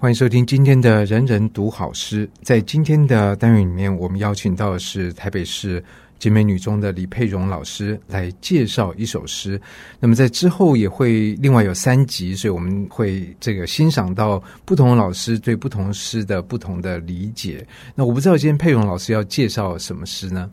歡迎收聽今天的《人人讀好詩》。在今天的單元裡面，我們邀請到的是台北市景美女中的李佩蓉老師來介紹一首詩。那麼在之後也會另外有三集，所以我們會這個欣賞到不同的老師對不同詩的不同的理解。那我不知道今天佩蓉老師要介紹什麼詩呢？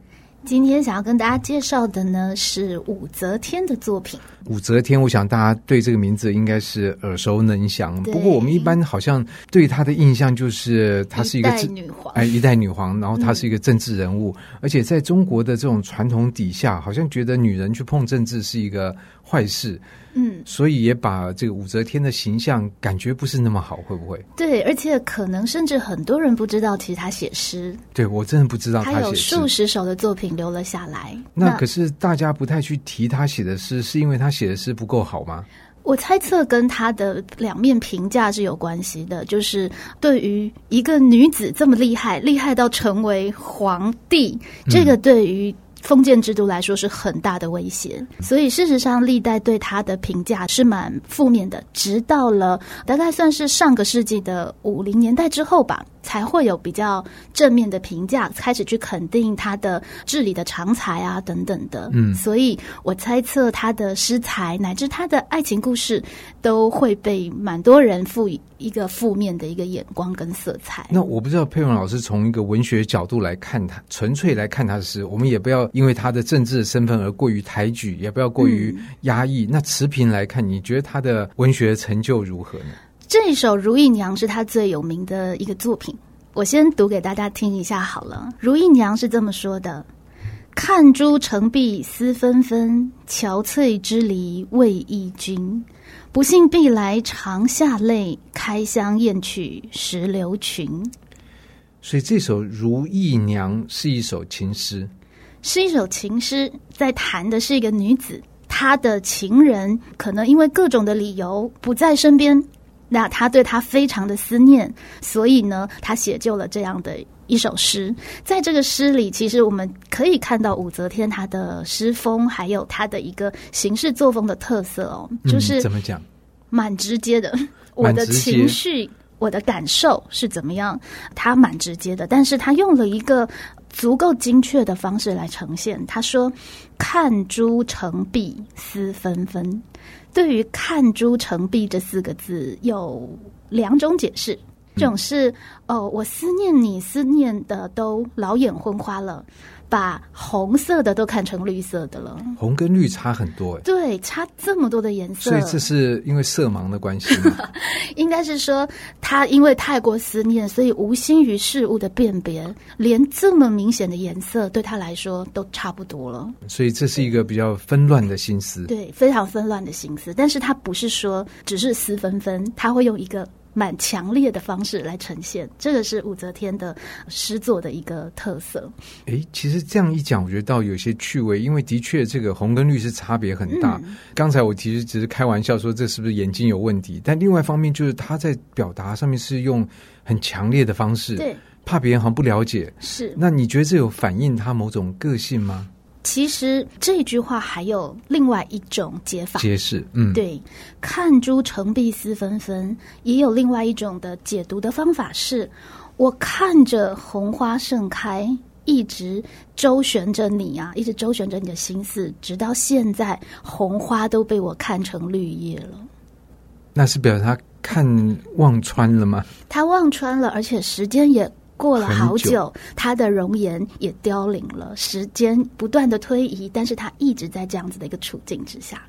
今天想要跟大家介紹的呢，是武則天的作品。武則天，我想大家對這個名字應該是耳熟能詳。不過我們一般好像對她的印象就是她是一個女皇，哎，一代女皇。然後她是一個政治人物，嗯，而且在中國的這種傳統底下，好像覺得女人去碰政治是一個壞事。嗯，所以也把這個武則天的形象感覺不是那麼好，會不會？對，而且可能甚至很多人不知道，其實她寫詩。對，我真的不知道她有數十首的作品。留了下來。那可是大家不太去提他寫的詩，是因為他寫的詩不夠好嗎？我猜測跟他的兩面評價是有關係的。就是對於一個女子這麼厲害，厲害到成為皇帝，這個對於封建制度來說是很大的威脅。嗯。所以事實上，歷代對他的評價是蠻負面的。直到了大概算是上個世紀的五零年代之後吧。才會有比較正面的評價，開始去肯定他的治理的長才啊等等的。嗯，所以我猜測他的詩才乃至他的愛情故事都會被蠻多人賦予一個負面的一個眼光跟色彩。那我不知道佩蓉老師從一個文學角度來看他，純粹來看他的詩，我們也不要因為他的政治的身份而過於抬舉，也不要過於壓抑。嗯。那持平來看，你覺得他的文學成就如何呢？這一首《如意娘》是她最有名的一個作品，我先讀給大家聽一下好了。《如意娘》是這麼說的：“ 看朱成碧思紛紛，憔悴支離為憶君。不信比來長下淚，開箱驗取石榴裙。”所以這首《如意娘》是一首情詩，是一首情詩，在談的是一個女子，她的情人可能因為各種的理由不在身邊。那他對他非常的思念，所以呢，他寫就了這樣的一首詩。在這個詩裡，其實我們可以看到武則天她的詩風，還有她的一個行事作風的特色哦，就是怎麼講，蠻直接的，嗯、 我的情緒，我的感受是怎麼樣，他蠻直接的，但是他用了一個。足夠精確的方式來呈現。他說：“看朱成碧思紛紛，分分”對於“看朱成碧”這四個字，有兩種解釋。一種是哦，我思念你，思念得都老眼昏花了。把紅色的都看成綠色的了，紅跟綠差很多、欸、對，差這麼多的顏色，所以這是因為色盲的關係嗎？ 應該是說他因為太過思念，所以無心於事物的辨別，連這麼明顯的顏色對他來說都差不多了，所以這是一個比較紛亂的心思，對，非常紛亂的心思。但是他不是說只是思紛紛，他會用一個。蠻強烈的方式來呈現，這個是武則天的詩作的一個特色。哎、欸，其實這樣一講，我覺得倒有些趣味，因為的確這個紅跟綠是差別很大，嗯。剛才我其實只是開玩笑說這是不是眼睛有問題，但另外一方面就是他在表達上面是用很強烈的方式，嗯、對，怕別人好像不了解。是，那你覺得這有反映他某種個性嗎？其實這句話還有另外一種解法，解釋，嗯，對，看朱成碧思紛紛，也有另外一種的解讀的方法是：我看着紅花盛開，一直周旋着你啊，一直周旋着你的心思，直到現在，紅花都被我看成綠葉了。那是表示他看望穿了嗎？他望穿了，而且時間也。過了好久，久，他的容顏也凋零了。時間不斷的推移，但是他一直在這樣子的一個處境之下。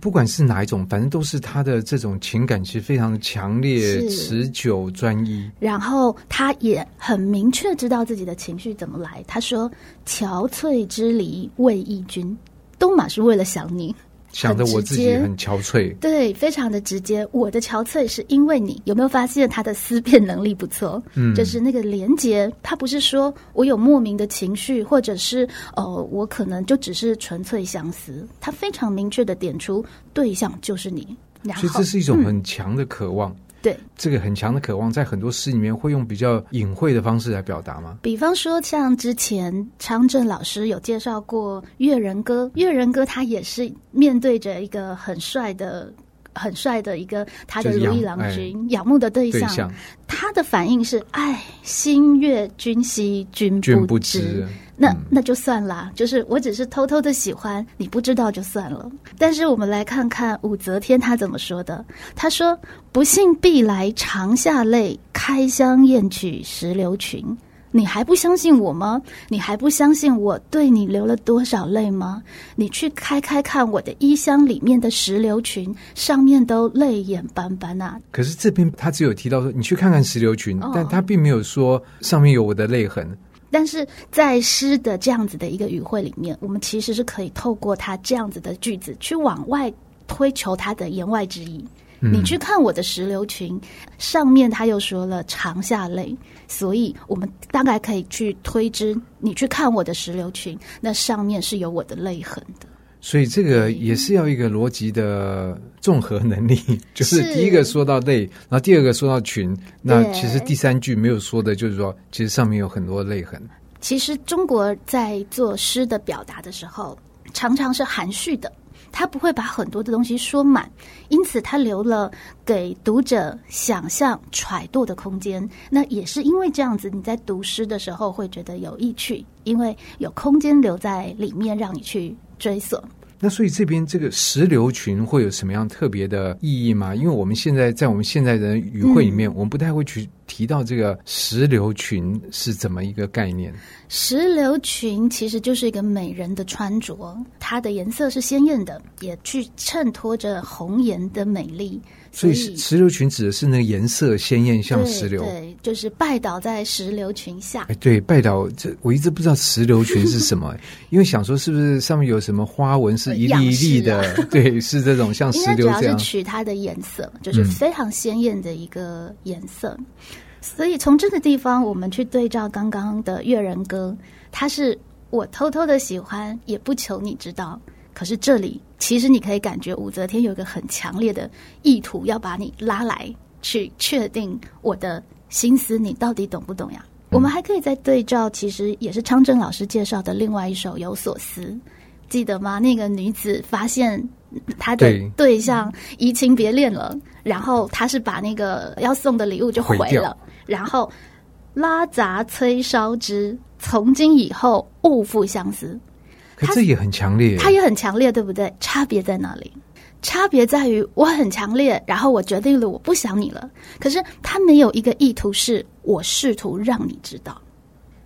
不管是哪一種，反正都是他的這種情感其實非常的強烈、持久、專一。然後他也很明確知道自己的情緒怎麼來。他說：“憔悴支離為憶君，都嘛是為了想你。”想得我自己很憔悴很，對，非常的直接。我的憔悴是因為你，有沒有發現他的思辨能力不錯？嗯，就是那個連接，他不是說我有莫名的情緒，或者是呃、哦，我可能就只是純粹相思。他非常明確的點出對象就是你，然後，所以這是一種很強的渴望。嗯對這個很強的渴望，在很多詩裡面會用比較隱晦的方式來表達嗎？比方說，像之前昌正老師有介紹過《越人歌》，《越人歌》他也是面對着一個很帥的、很帥的一個他的如意郎君仰、哎，仰慕的對象，對象，他的反應是：“哎，心悅君兮，君不知。不知”那那就算啦，就是我只是偷偷的喜歡你，不知道就算了。但是我們來看看武則天她怎麼說的。她說：“不信，比來長下淚，開箱驗取石榴裙。你還不相信我嗎？你還不相信我對你流了多少淚嗎？你去開開看我的衣箱裡面的石榴裙，上面都淚眼斑斑吶、啊。”可是這邊他只有提到說你去看看石榴裙、哦，但他並沒有說上面有我的淚痕。但是在詩的這樣子的一個語彙裡面，我們其實是可以透過他這樣子的句子去往外推求他的言外之意。嗯。你去看我的石榴裙，上面，他又說了長下淚，所以我們大概可以去推知，你去看我的石榴裙，那上面是有我的淚痕的。所以這個也是要一個邏輯的綜合能力，就是第一個說到淚，然後第二個說到裙，那其實第三句沒有說的，就是說其實上面有很多淚痕。其實中國在作詩的表達的時候，常常是含蓄的，他不會把很多的東西說滿，因此他留了給讀者想象揣度的空間。那也是因為這樣子，你在讀詩的時候會覺得有意趣，因為有空間留在裡面讓你去追索。那所以這邊這個石榴裙會有什麼樣特別的意義嗎？因為我們現在在我們現代人語彙裡面，我們不太會去、嗯。提到這個石榴裙是怎麼一個概念？石榴裙其實就是一個美人的穿着，它的顏色是鮮豔的，也去襯托着紅顏的美麗。所以，所以石榴裙指的是那個顏色鮮豔，像石榴，對，就是拜倒在石榴裙下。哎，對，拜倒，我一直不知道石榴裙是什麼， 因為想說是不是上面有什麼花紋，是一粒一粒的， 對，是這種像石榴這樣。應該主要是取它的顏色，就是非常鮮豔的一個顏色。嗯所以從這個地方，我們去對照剛剛的《越人歌》，他是我偷偷的喜歡，也不求你知道。可是這裡，其實你可以感覺武則天有一個很強烈的意圖，要把你拉來，去確定我的心思，你到底懂不懂呀？嗯？我們還可以再對照，其實也是昌政老師介紹的另外一首《有所思》，記得嗎？那個女子發現她的對象移情別戀了。然後他是把那個要送的禮物就毀了回，然後拉雜摧燒之。從今以後，勿復相思。可這也很強烈他，他也很強烈，對不對？差別在哪裡？差別在於我很強烈，然後我決定了我不想你了。可是他沒有一個意圖，是我試圖讓你知道。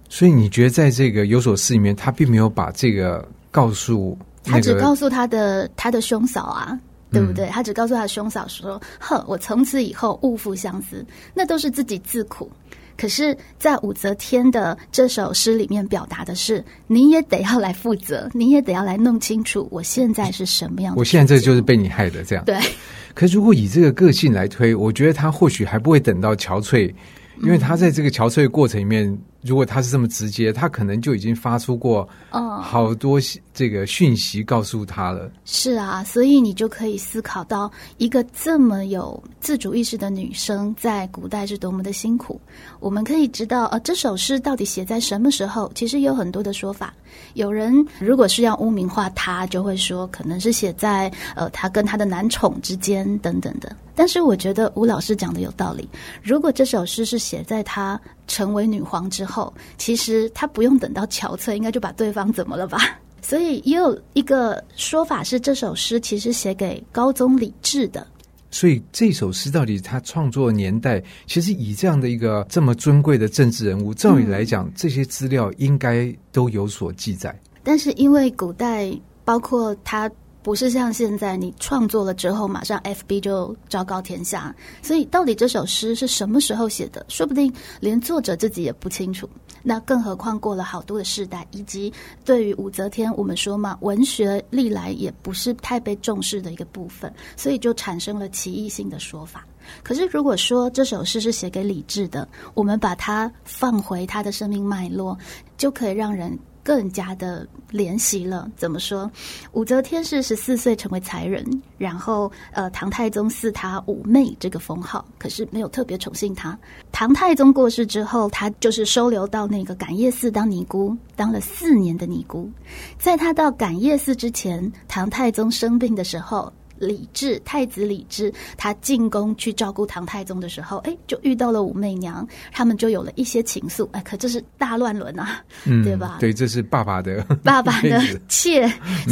所以你覺得在這個有所思裡面，他並沒有把這個告訴、那個，他只告訴他的他的兄嫂啊。對不對？他只告訴他的兄嫂說：“哼、嗯，我從此以後勿復相思，那都是自己自苦。”可是，在武則天的這首詩裡面表達的是：你也得要來負責，你也得要來弄清楚我現在是什麼樣的。我現在這個就是被你害的這樣。對。可是如果以這個個性來推，我覺得他或許還不會等到憔悴，因為他在這個憔悴的過程裡面。如果他是這麼直接，他可能就已經發出過嗯好多這個訊息告訴他了、嗯。是啊，所以你就可以思考到一個這麼有自主意識的女生在古代是多麼的辛苦。我們可以知道，呃，這首詩到底寫在什麼時候？其實有很多的說法。有人如果是要汙名化他，就會說可能是寫在呃他跟他的男寵之間等等的。但是我覺得吳老師講的有道理。如果這首詩是寫在他成為女皇之後，其實她不用等到憔悴，應該就把對方怎麼了吧？所以也有一個說法是，這首詩其實寫給高宗李治的。所以這首詩到底她創作年代，其實以這樣的一個這麼尊貴的政治人物，照理來講，嗯、這些資料應該都有所記載。但是因為古代，包括他。不是像現在，你創作了之後，馬上 F B 就昭告天下。所以，到底這首詩是什麼時候寫的，說不定連作者自己也不清楚。那更何況過了好多的世代，以及對於武則天，我們說嘛，文學歷來也不是太被重視的一個部分，所以就產生了歧義性的說法。可是，如果說這首詩是寫給李治的，我們把它放回他的生命脈絡，就可以讓人。更加的憐惜了。怎麼說？武則天是十四歲成為才人，然後呃，唐太宗賜她“武媚”這個封號，可是沒有特別寵幸她。唐太宗過世之後，她就是收留到那個感業寺當尼姑，當了四年的尼姑。在她到感業寺之前，唐太宗生病的時候，李治，太子李治，他進宮去照顧唐太宗的時候，哎，就遇到了武媚娘，他們就有了一些情愫。哎，可這是大亂倫啊，嗯，對吧？對，這是爸爸的爸爸的 妾，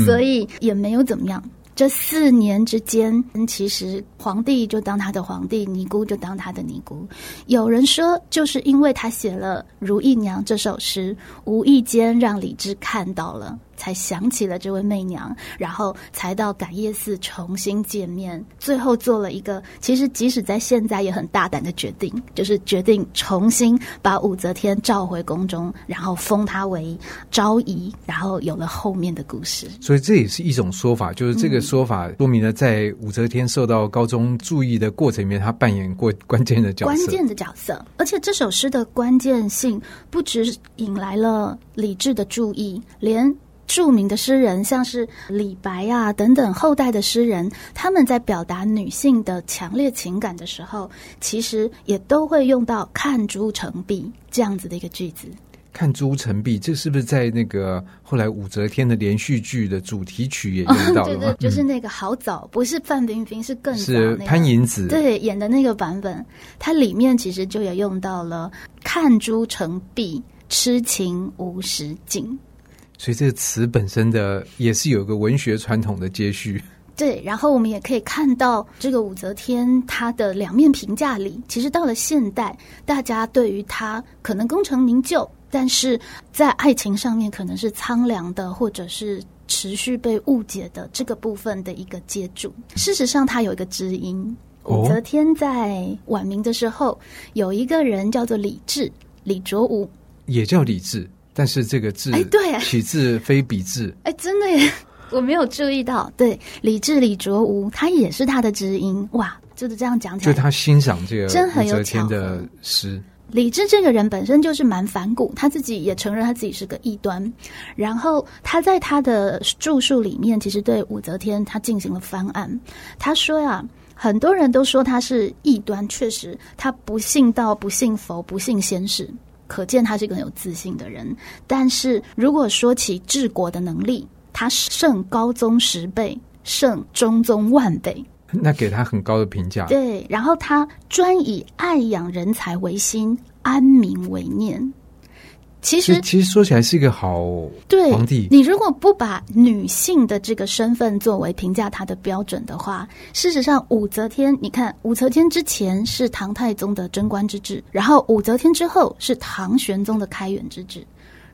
所以也沒有怎麼樣，嗯。這四年之間，其實皇帝就當他的皇帝，尼姑就當他的尼姑。有人說，就是因為他寫了《如意娘》這首詩，無意間讓李治看到了。才想起了這位媚娘，然後才到感業寺重新見面。最後做了一個，其實即使在現在也很大膽的決定，就是決定重新把武則天召回宮中，然後封她為昭儀，然後有了後面的故事。所以這也是一種說法，就是這個說法、嗯、說明了在武則天受到高宗注意的過程裡面，她扮演過關鍵的角色。關鍵的角色，而且這首詩的關鍵性不只引來了李治的注意，連。著名的詩人，像是李白呀、啊、等等，後代的詩人，他們在表達女性的強烈情感的時候，其實也都會用到“看朱成碧”這樣子的一個句子。“看朱成碧”這是不是在那個後來武則天的連續劇的主題曲也用到了嗎？對對， 就是那個好早，不是范冰冰，是更是潘迎紫對演的那個版本，它裡面其實就也用到了“看朱成碧，痴情無時盡」。所以這個詞本身的也是有一個文學傳統的接續。對，然後我們也可以看到這個武則天她的兩面評價裡，其實到了現代，大家對於她可能功成名就，但是在愛情上面可能是蒼涼的，或者是持續被誤解的這個部分的一個接觸。事實上，他有一個知音、哦，武則天在晚明的時候有一個人叫做李贄，李卓吾，也叫李贄。但是這個字，哎，對，豈字非彼字？哎，真的耶！我沒有注意到。對，李贄、李卓吾他也是他的知音哇，就是這樣講起來就他欣賞這個武則天的詩。李贄這個人本身就是蠻反骨，他自己也承認他自己是個異端。然後他在他的著述裡面，其實對武則天他進行了翻案。他說呀、啊，很多人都說他是異端，確實，他不信道，不信佛，不信仙釋。可見他是個很有自信的人，但是如果說起治國的能力，他勝高宗十倍，勝中宗萬倍，那給他很高的評價。對，然後他專以愛養人才為心，安民為念。其實其實說起來是一個好皇帝對。你如果不把女性的這個身份作為評價她的標準的話，事實上，武則天，你看，武則天之前是唐太宗的貞觀之治，然後武則天之後是唐玄宗的開元之治。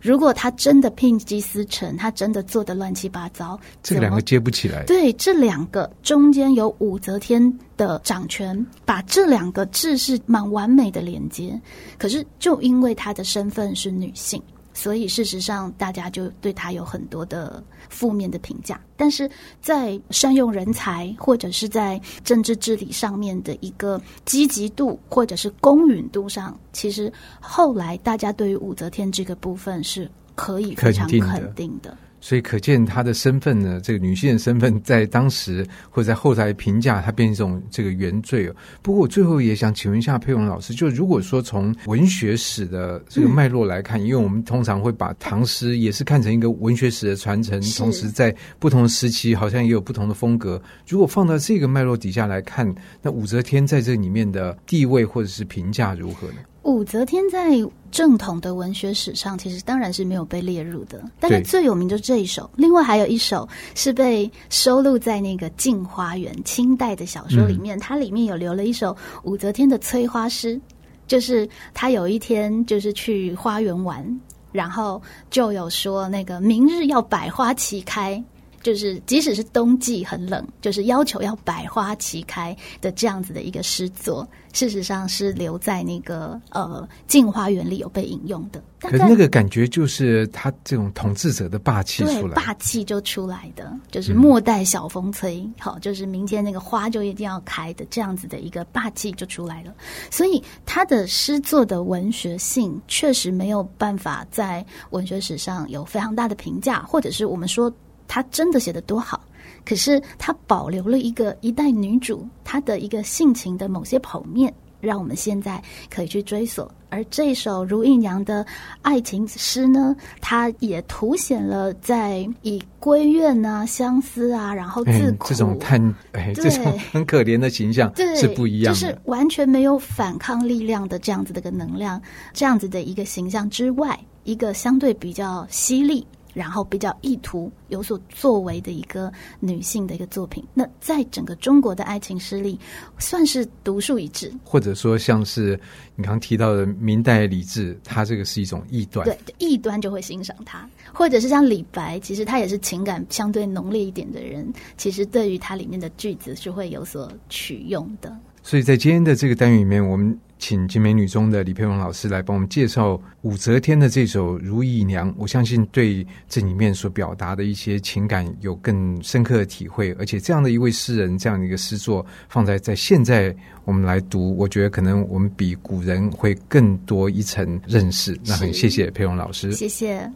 如果他真的牝雞司晨，他真的做得亂七八糟，這兩個接不起來。對，這兩個中間有武則天的掌權，把這兩個治世蠻完美的連接。可是就因為她的身份是女性。所以，事實上，大家就對他有很多的負面的評價。但是在善用人才或者是在政治治理上面的一個積極度或者是公允度上，其實後來大家對於武則天這個部分是可以非常肯定的。所以可見她的身份呢，這個女性的身份在當時或者在後代評價，她變成這種這個原罪哦。不過我最後也想請問一下佩蓉老師，就如果說從文學史的這個脈絡來看，嗯，因為我們通常會把唐詩也是看成一個文學史的傳承，同時在不同時期好像也有不同的風格。如果放到這個脈絡底下來看，那武則天在這裡面的地位或者是評價如何呢？武則天在正統的文學史上，其實當然是沒有被列入的。但是最有名就是這一首，另外還有一首是被收錄在那個《鏡花緣》清代的小說裡面，它、嗯、裡面有留了一首武則天的催花詩，就是她有一天就是去花園玩，然後就有說那個明日要百花齊開。就是，即使是冬季很冷，就是要求要百花齊開的這樣子的一個詩作，事實上是留在那個呃鏡花緣裡有被引用的。可是那個感覺就是他這種統治者的霸氣出來了，對，霸氣就出來的，就是莫待曉風吹，嗯。好，就是明天那個花就一定要開的這樣子的一個霸氣就出來了。所以他的詩作的文學性確實沒有辦法在文學史上有非常大的評價，或者是我們說。她真的寫得多好，可是她保留了一個一代女主她的一個性情的某些剖面，讓我們現在可以去追索。而這首《如意娘》的愛情詩呢，它也凸顯了在以閨怨啊、相思啊，然後自苦、哎、這種嘆、哎，這種很可憐的形象是不一樣，就是完全沒有反抗力量的這樣子的一個能量，這樣子的一個形象之外，一個相對比較犀利。然後比較意圖有所作為的一個女性的一個作品，那在整個中國的愛情詩裡，算是獨樹一幟。或者說，像是你剛剛提到的明代李贄，他這個是一種異端。對，異端就會欣賞他，或者是像李白，其實他也是情感相對濃烈一點的人，其實對於他裡面的句子是會有所取用的。所以在今天的這個單元裡面，我們。請景美女中的李佩蓉老師來幫我們介紹武則天的這首《如意娘》，我相信對這裡面所表達的一些情感有更深刻的體會。而且這樣的一位詩人，這樣的一個詩作放在在現在我們來讀，我覺得可能我們比古人會更多一層認識。那很謝謝佩蓉老師，謝謝。